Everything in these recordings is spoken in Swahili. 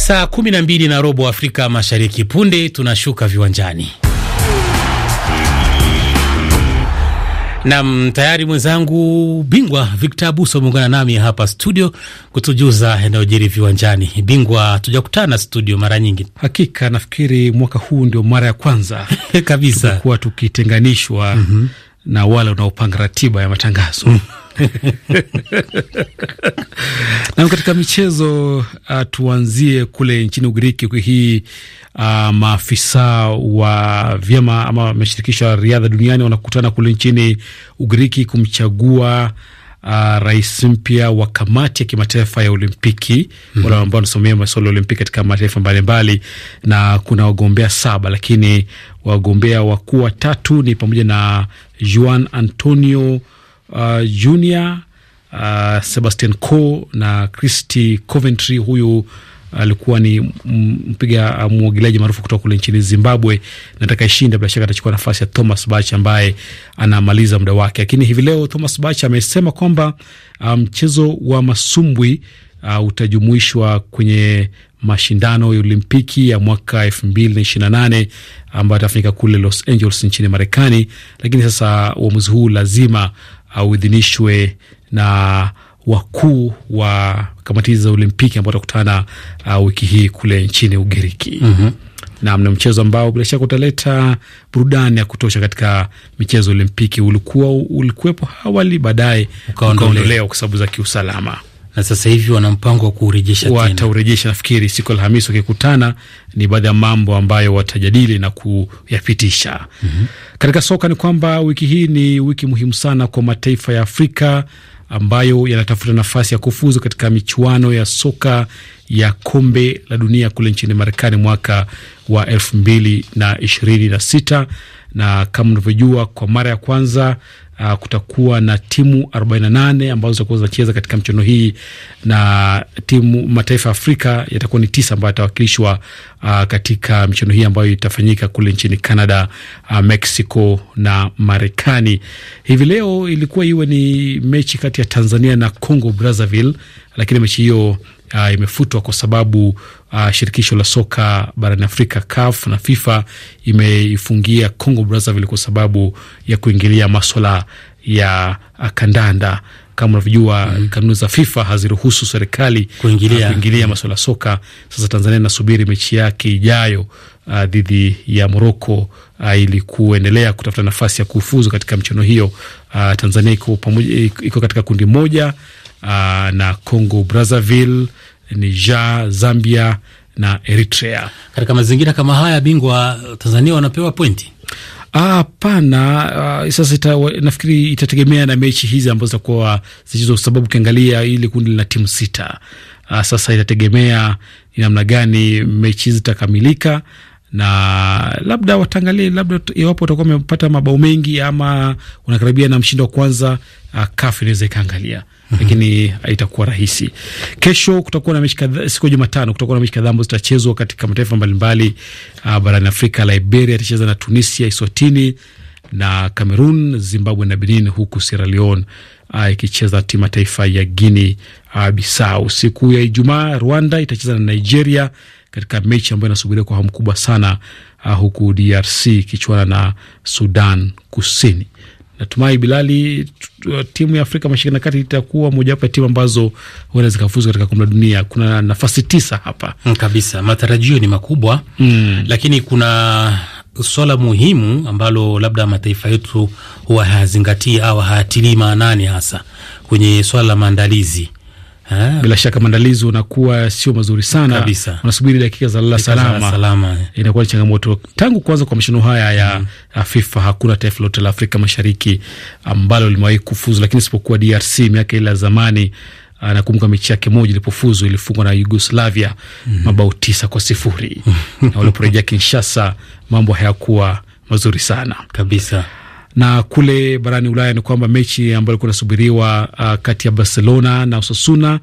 Saa 12 na robo Afrika Mashariki. Punde tunashuka viwanjani nam tayari mwenzangu bingwa Victor Abuso ameungana nami hapa studio kutujuza yanayojiri viwanjani. Bingwa, tujakutana studio mara nyingi. Hakika nafikiri mwaka huu ndio mara ya kwanza kabisa kuwa tukitenganishwa mm -hmm na wale unaopanga ratiba ya matangazo mhm. Nam, katika michezo uh, tuanzie kule nchini Ugiriki wiki hii. Uh, maafisa wa vyama ama mashirikisho ya riadha duniani wanakutana kule nchini Ugiriki kumchagua uh, rais mpya wa kamati ya kimataifa ya Olimpiki mm -hmm. wale ambao wanasomea masuala ya Olimpiki katika mataifa mbalimbali, na kuna wagombea saba, lakini wagombea wakuu watatu ni pamoja na Juan Antonio uh, Junior uh, Sebastian co na Christy Coventry. Huyu alikuwa uh, ni mpiga mwogeleaji maarufu kutoka kule nchini Zimbabwe, nataka ishinda, bila shaka atachukua nafasi ya Thomas Bach ambaye anamaliza muda wake. Lakini hivi leo Thomas Bach amesema kwamba uh, mchezo um, wa masumbwi uh, utajumuishwa kwenye mashindano ya Olimpiki ya mwaka elfu mbili na ishirini na nane ambayo atafanyika kule Los Angeles nchini Marekani. Lakini sasa uamuzi huu lazima uidhinishwe na wakuu wa kamati za Olimpiki ambao watakutana uh, wiki hii kule nchini Ugiriki. mm -hmm. Nam, na mchezo ambao bila shaka utaleta burudani ya kutosha katika michezo ya Olimpiki. Ulikuwa ulikuwepo awali, baadaye ukaondolewa kwa sababu za kiusalama na sasa hivi wana mpango wa kuurejesha tena. Wataurejesha nafikiri siku Alhamisi wakikutana, ni baadhi ya mambo ambayo watajadili na kuyapitisha. mm -hmm. Katika soka ni kwamba wiki hii ni wiki muhimu sana kwa mataifa ya Afrika ambayo yanatafuta nafasi ya kufuzu katika michuano ya soka ya kombe la dunia kule nchini Marekani mwaka wa elfu mbili na ishirini na sita na kama mnavyojua, kwa mara ya kwanza uh, kutakuwa na timu 48 ambazo zitakuwa zinacheza katika mchono hii na timu mataifa ya Afrika yatakuwa ni tisa ambayo yatawakilishwa uh, katika mchono hii ambayo itafanyika kule nchini Canada, uh, Mexico na Marekani. Hivi leo ilikuwa iwe ni mechi kati ya Tanzania na Congo Brazzaville, lakini mechi hiyo uh, imefutwa kwa sababu uh, shirikisho la soka barani Afrika CAF na FIFA imeifungia Congo Brazzaville kwa sababu ya kuingilia maswala ya ah, kandanda. Kama unavyojua mm Kanuni za FIFA haziruhusu serikali kuingilia, kuingilia masuala ya soka. Sasa Tanzania inasubiri mechi yake ijayo uh, dhidi ya Moroko uh, ili kuendelea kutafuta nafasi ya kufuzu katika michuano hiyo. Uh, Tanzania iko pamoja, iko katika kundi moja uh, na Congo Brazzaville, Niger, Zambia na Eritrea. Katika mazingira kama haya, bingwa Tanzania wanapewa pointi ah, Hapana. Ah, ah, sasa ita, nafikiri itategemea na mechi hizi ambazo zitakuwa zichezwa, kwa sababu ukiangalia ili kundi lina timu sita. Ah, sasa itategemea ni namna gani mechi hizi zitakamilika, na labda watangalie, labda iwapo watakuwa wamepata mabao mengi ama wanakaribia na mshindi wa kwanza, uh, ah, kafu inaweza ikaangalia mm -hmm. Lakini ah, rahisi. Kesho kutakuwa na mechi kadhaa, siku ya Jumatano kutakuwa na mechi kadhaa ambazo zitachezwa katika mataifa mbalimbali uh, barani Afrika. Liberia itacheza na Tunisia, Iswatini na Cameroon, Zimbabwe na Benin, huku Sierra Leone ikicheza timu ya taifa ya Guini Bisau. Siku ya Ijumaa, Rwanda itacheza na Nigeria katika mechi ambayo inasubiriwa kwa hamu kubwa sana, uh, huku DRC ikichuana na Sudan Kusini. Natumai Bilali, timu ya Afrika Mashariki na Kati itakuwa mojawapo ya timu ambazo huenda zikafuzu katika kombe la dunia. Kuna nafasi tisa hapa hmm, kabisa, matarajio ni makubwa mm. Lakini kuna swala muhimu ambalo labda mataifa yetu huwa hayazingatii au hayatilii maanani hasa kwenye swala la maandalizi. ha? Bila shaka maandalizi unakuwa sio mazuri sana kabisa. Unasubiri dakika za lala salama, salama. Inakuwa ni changamoto tangu kuanza kwa mashindano haya ya mm. FIFA. Hakuna taifa lote la Afrika Mashariki ambalo limewahi kufuzu, lakini isipokuwa DRC miaka ile ya zamani. Ah, nakumbuka mechi yake moja ilipofuzu ilifungwa na Yugoslavia mm -hmm. mabao tisa kwa sifuri na waliporejea Kinshasa mambo hayakuwa mazuri sana kabisa. Na kule barani Ulaya ni kwamba mechi ambayo ilikuwa inasubiriwa uh, kati ya Barcelona na Osasuna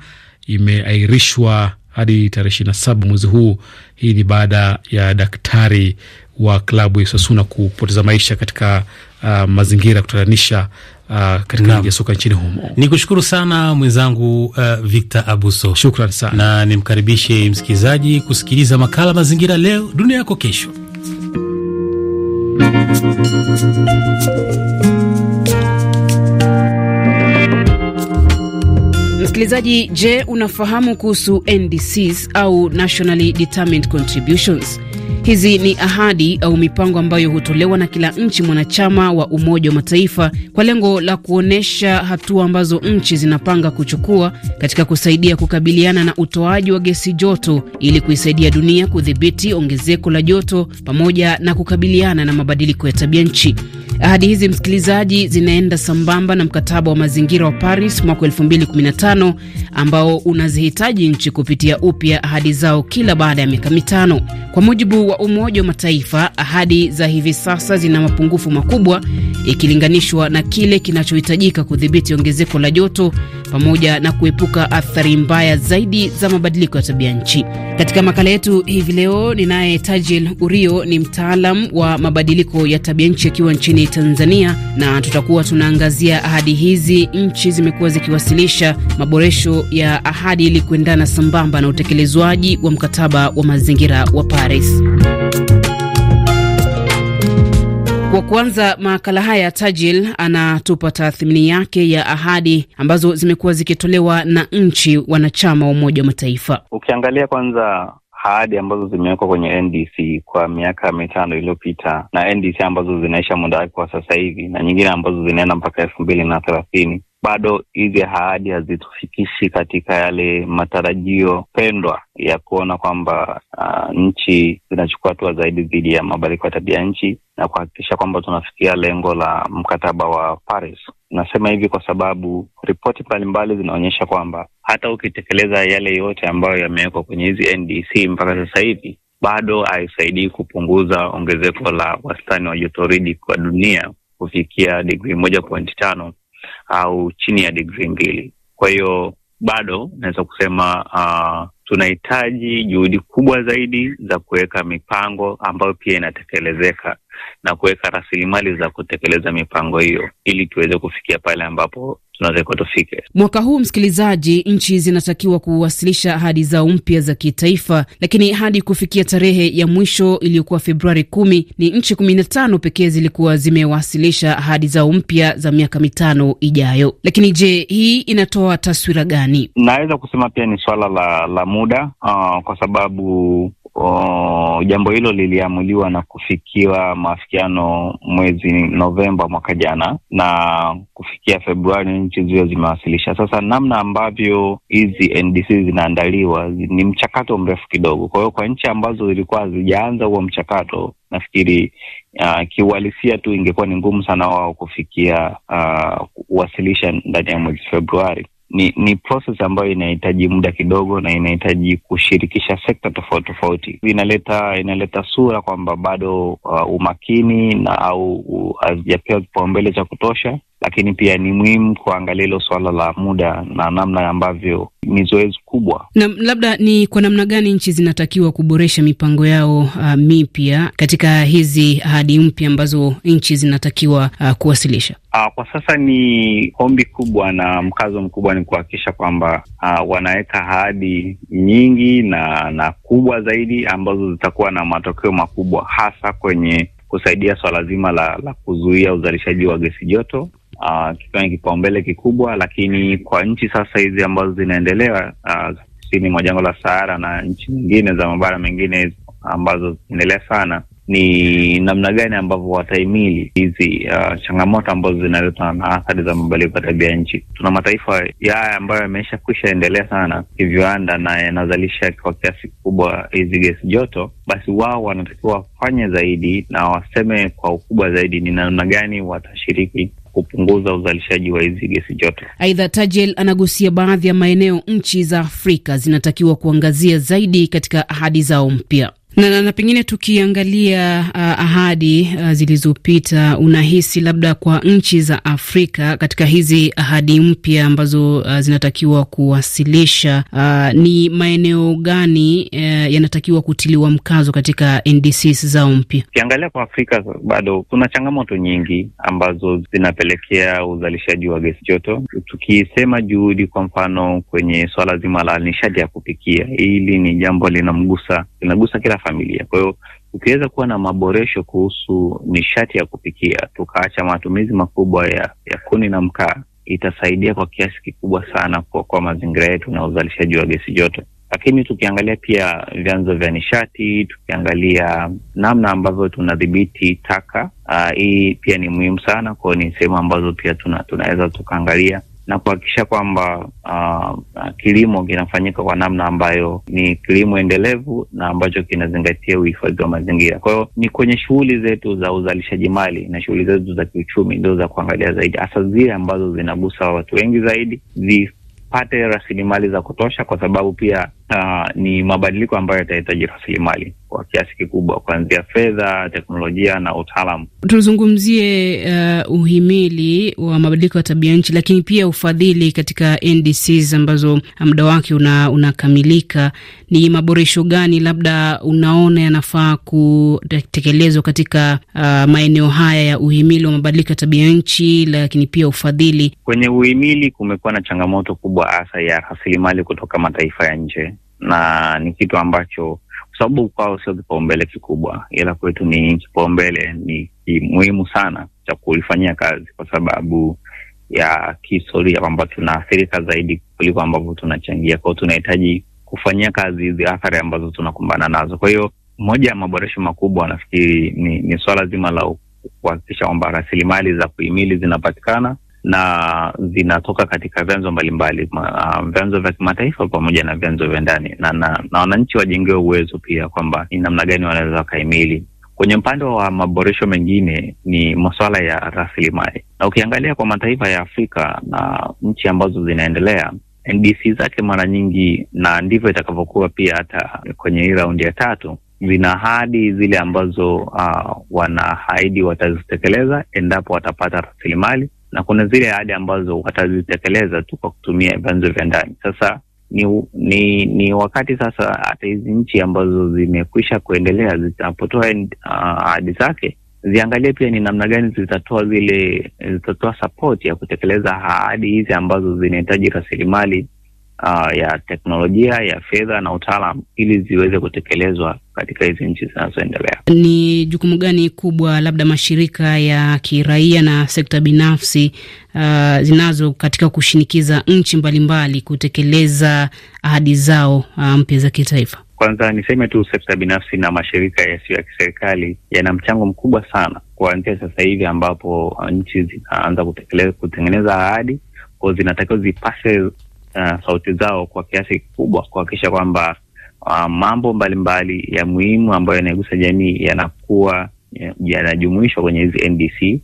imeahirishwa hadi tarehe ishirini na saba mwezi huu. Hii ni baada ya daktari wa klabu ya Osasuna kupoteza maisha katika uh, mazingira ya kutatanisha uh, katika ligi ya soka nchini humo. Ni kushukuru sana mwenzangu uh, Victor Abuso, shukran sana, na nimkaribishe msikilizaji kusikiliza makala Mazingira Leo Dunia Yako Kesho. Msikilizaji, je, unafahamu kuhusu NDCs au Nationally Determined Contributions? Hizi ni ahadi au mipango ambayo hutolewa na kila nchi mwanachama wa Umoja wa Mataifa kwa lengo la kuonyesha hatua ambazo nchi zinapanga kuchukua katika kusaidia kukabiliana na utoaji wa gesi joto ili kuisaidia dunia kudhibiti ongezeko la joto pamoja na kukabiliana na mabadiliko ya tabia nchi. Ahadi hizi, msikilizaji, zinaenda sambamba na mkataba wa mazingira wa Paris mwaka 2015 ambao unazihitaji nchi kupitia upya ahadi zao kila baada ya miaka mitano. Kwa mujibu wa Umoja wa Mataifa, ahadi za hivi sasa zina mapungufu makubwa ikilinganishwa na kile kinachohitajika kudhibiti ongezeko la joto pamoja na kuepuka athari mbaya zaidi za mabadiliko ya tabia nchi. Katika makala yetu hivi leo ninaye Tajil Urio, ni mtaalam wa mabadiliko ya tabia nchi akiwa nchini Tanzania, na tutakuwa tunaangazia ahadi hizi nchi zimekuwa zikiwasilisha maboresho ya ahadi ili kuendana sambamba na utekelezwaji wa mkataba wa mazingira wa Paris. Kwa kuanza makala haya, Tajil anatupa tathmini yake ya ahadi ambazo zimekuwa zikitolewa na nchi wanachama wa Umoja wa Mataifa. Ukiangalia kwanza ahadi ambazo zimewekwa kwenye NDC kwa miaka mitano iliyopita na NDC ambazo zinaisha muda wake kwa sasa hivi na nyingine ambazo zinaenda mpaka elfu mbili na thelathini bado hizi ahadi hazitufikishi katika yale matarajio pendwa ya kuona kwamba uh, nchi zinachukua hatua zaidi dhidi ya mabadiliko ya tabia nchi na kuhakikisha kwamba tunafikia lengo la mkataba wa Paris. Nasema hivi kwa sababu ripoti mbalimbali zinaonyesha kwamba hata ukitekeleza yale yote ambayo yamewekwa kwenye hizi NDC mpaka sasa hivi bado haisaidii kupunguza ongezeko la wastani wa jotoridi kwa dunia kufikia digrii moja pointi tano au chini ya digrii mbili. Kwa hiyo bado naweza kusema uh, tunahitaji juhudi kubwa zaidi za kuweka mipango ambayo pia inatekelezeka na kuweka rasilimali za kutekeleza mipango hiyo, ili tuweze kufikia pale ambapo tunaweza tufike mwaka huu. Msikilizaji, nchi zinatakiwa kuwasilisha ahadi zao mpya za kitaifa, lakini hadi kufikia tarehe ya mwisho iliyokuwa Februari kumi, ni nchi kumi na tano pekee zilikuwa zimewasilisha ahadi zao mpya za miaka mitano ijayo. Lakini je, hii inatoa taswira gani? Naweza kusema pia ni swala la, la muda uh, kwa sababu O, oh, jambo hilo liliamuliwa na kufikiwa maafikiano mwezi Novemba mwaka jana, na kufikia Februari nchi zio zimewasilisha. Sasa namna ambavyo hizi NDC zinaandaliwa ni mchakato mrefu kidogo, kwa hiyo kwa nchi ambazo zilikuwa hazijaanza huo mchakato nafikiri uh, kiuhalisia tu ingekuwa ni ngumu sana wao kufikia uh, kuwasilisha ndani ya mwezi Februari ni ni process ambayo inahitaji muda kidogo na inahitaji kushirikisha sekta tofauti tofauti. Inaleta inaleta sura kwamba bado uh, umakini na au hazijapewa uh, kipaumbele cha kutosha, lakini pia ni muhimu kuangalia hilo swala la muda na namna ambavyo ni zoezi kubwa. Na labda ni kwa namna gani nchi zinatakiwa kuboresha mipango yao uh, mipya katika hizi ahadi mpya ambazo nchi zinatakiwa uh, kuwasilisha? Uh, kwa sasa ni ombi kubwa na mkazo mkubwa ni kuhakikisha kwamba uh, ah, wanaweka ahadi nyingi na na kubwa zaidi ambazo zitakuwa na matokeo makubwa hasa kwenye kusaidia swala zima la, la kuzuia uzalishaji wa gesi joto uh, kikiwa ni kipaumbele kikubwa, lakini kwa nchi sasa hizi ambazo zinaendelea uh, kusini mwa jangwa la Sahara na nchi nyingine za mabara mengine ambazo zinaendelea sana ni namna gani ambavyo wataimili hizi uh, changamoto ambazo zinaletwa na athari za mabadiliko ya tabia nchi. Tuna mataifa yaya ambayo yameisha kuisha endelea sana kiviwanda na yanazalisha kwa kiasi kikubwa hizi gesi joto, basi wao wanatakiwa wafanye zaidi na waseme kwa ukubwa zaidi ni namna gani watashiriki kupunguza uzalishaji wa hizi gesi joto. Aidha, Tajel anagusia baadhi ya maeneo nchi za Afrika zinatakiwa kuangazia zaidi katika ahadi zao mpya. Na, na, na pengine tukiangalia uh, ahadi uh, zilizopita, unahisi labda kwa nchi za Afrika katika hizi ahadi mpya ambazo uh, zinatakiwa kuwasilisha uh, ni maeneo gani uh, yanatakiwa kutiliwa mkazo katika NDCs zao mpya? Ukiangalia kwa Afrika bado kuna changamoto nyingi ambazo zinapelekea uzalishaji wa gesi joto. Tukisema juhudi, kwa mfano kwenye swala zima la nishati ya kupikia, hili ni jambo linamgusa linagusa kila familia. Kwa hiyo ukiweza kuwa na maboresho kuhusu nishati ya kupikia, tukaacha matumizi makubwa ya, ya kuni na mkaa, itasaidia kwa kiasi kikubwa sana kwa, mazingira yetu na uzalishaji wa gesi joto. Lakini tukiangalia pia vyanzo vya nishati, tukiangalia namna ambavyo tunadhibiti taka, ah, hii pia ni muhimu sana kwao, ni sehemu ambazo pia tuna, tunaweza tukaangalia na kuhakikisha kwamba uh, kilimo kinafanyika kwa namna ambayo ni kilimo endelevu na ambacho kinazingatia uhifadhi wa mazingira. Kwa hiyo ni kwenye shughuli zetu za uzalishaji mali na shughuli zetu za kiuchumi ndio za kuangalia zaidi, hasa zile ambazo zinagusa watu wengi zaidi, zipate rasilimali za kutosha, kwa sababu pia Uh, ni mabadiliko ambayo yatahitaji rasilimali kwa kiasi kikubwa kuanzia fedha, teknolojia na utaalamu. Tuzungumzie uh, uhimili wa mabadiliko ya tabia nchi, lakini pia ufadhili katika NDCs ambazo muda wake unakamilika. Una ni maboresho gani labda unaona yanafaa kutekelezwa katika uh, maeneo haya ya uhimili wa mabadiliko ya tabia nchi, lakini pia ufadhili? Kwenye uhimili kumekuwa na changamoto kubwa hasa ya rasilimali kutoka mataifa ya nje na ni kitu ambacho kwa sababu kwao sio kipaumbele kikubwa, ila kwetu ni kipaumbele, ni muhimu sana cha kulifanyia kazi, kwa sababu ya kihistoria kwamba tunaathirika zaidi kuliko ambavyo tunachangia. Kwao tunahitaji kufanyia kazi hizi athari ambazo tunakumbana nazo. Kwa hiyo moja ya maboresho makubwa nafikiri ni, ni swala zima la kuhakikisha kwamba rasilimali za kuhimili zinapatikana na zinatoka katika vyanzo mbalimbali uh, vyanzo vya kimataifa pamoja na vyanzo vya ndani, na, na, na wananchi wajengewe uwezo pia kwamba ni namna gani wanaweza wakaimili kwenye upande wa maboresho mengine ni masuala ya rasilimali, na ukiangalia kwa mataifa ya Afrika na nchi ambazo zinaendelea NDC zake mara nyingi, na ndivyo itakavyokuwa pia hata kwenye hii raundi ya tatu, zina hadi zile ambazo uh, ah, wanahaidi watazitekeleza endapo watapata rasilimali na kuna zile ahadi ambazo watazitekeleza tu kwa kutumia vyanzo vya ndani. Sasa ni, ni, ni wakati sasa hata hizi nchi ambazo zimekwisha kuendelea zinapotoa uh, ahadi uh, zake ziangalie pia ni namna gani zitatoa zile zitatoa sapoti ya kutekeleza ahadi hizi ambazo zinahitaji rasilimali uh, ya teknolojia ya fedha na utaalam ili ziweze kutekelezwa katika hizi nchi zinazoendelea. Ni jukumu gani kubwa labda mashirika ya kiraia na sekta binafsi uh, zinazo katika kushinikiza nchi mbalimbali kutekeleza ahadi zao uh, mpya za kitaifa? Kwanza niseme tu sekta binafsi na mashirika yasiyo ya kiserikali yana mchango mkubwa sana, kuanzia sasa hivi ambapo nchi zinaanza kutengeneza ahadi kwao, zinatakiwa zipase uh, sauti zao kwa kiasi kikubwa kuhakikisha kwamba uh, mambo mbalimbali mbali ya muhimu ambayo yanaigusa jamii yanakuwa eh, yanajumuishwa kwenye hizi NDC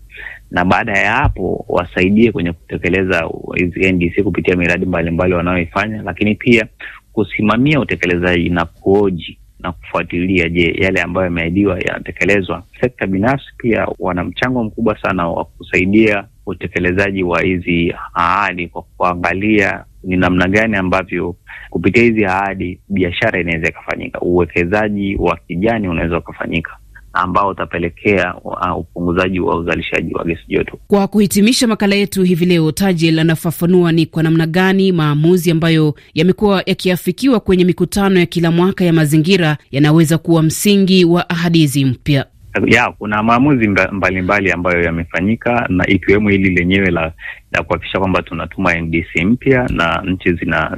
na baada ya hapo wasaidie kwenye kutekeleza hizi NDC kupitia miradi mbalimbali wanayoifanya, lakini pia kusimamia utekelezaji na kuoji na kufuatilia, je, yale ambayo yameahidiwa yanatekelezwa. Sekta binafsi pia wana mchango mkubwa sana wa kusaidia utekelezaji wa hizi ahadi kwa kuangalia ni namna gani ambavyo kupitia hizi ahadi biashara inaweza ikafanyika, uwekezaji wa kijani unaweza ukafanyika ambao utapelekea uh, upunguzaji wa uzalishaji wa gesi joto. Kwa kuhitimisha makala yetu hivi leo, Tajel anafafanua ni kwa namna gani maamuzi ambayo yamekuwa yakiafikiwa kwenye mikutano ya kila mwaka ya mazingira yanaweza kuwa msingi wa ahadi hizi mpya ya kuna maamuzi mbalimbali mbali ambayo yamefanyika na ikiwemo hili lenyewe la, la kuhakikisha kwamba tunatuma NDC mpya na nchi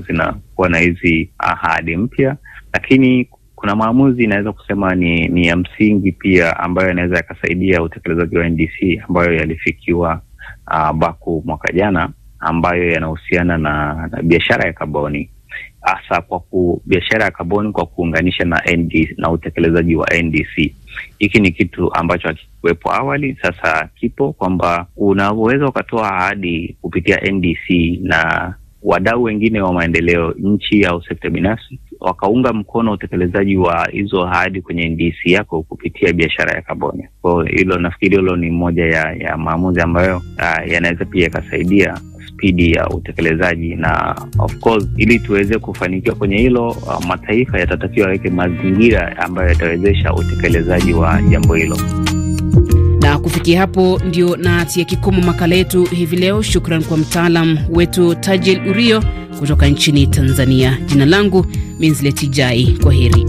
zinakuwa na hizi ahadi mpya, lakini kuna maamuzi inaweza kusema ni, ni ya msingi pia ambayo yanaweza yakasaidia utekelezaji wa NDC ambayo yalifikiwa uh, Baku mwaka jana ambayo yanahusiana na, na biashara ya kaboni hasa kwa biashara ya kaboni kwa kuunganisha na NDC, na utekelezaji wa NDC. Hiki ni kitu ambacho hakikuwepo awali, sasa kipo kwamba unavyoweza ukatoa ahadi kupitia NDC na wadau wengine wa maendeleo nchi au sekta binafsi wakaunga mkono utekelezaji wa hizo ahadi kwenye NDC yako kupitia biashara ya kaboni. Kwa hilo nafikiri hilo ni moja ya, ya maamuzi ambayo ah, yanaweza pia yakasaidia spidi ya utekelezaji, na of course, ili tuweze kufanikiwa kwenye hilo, uh, mataifa yatatakiwa yaweke mazingira ambayo yatawezesha utekelezaji wa jambo hilo. Na kufikia hapo ndio natia kikomo makala yetu hivi leo. Shukran kwa mtaalam wetu Tajel Urio kutoka nchini Tanzania. Jina langu Minzletijai, kwa heri.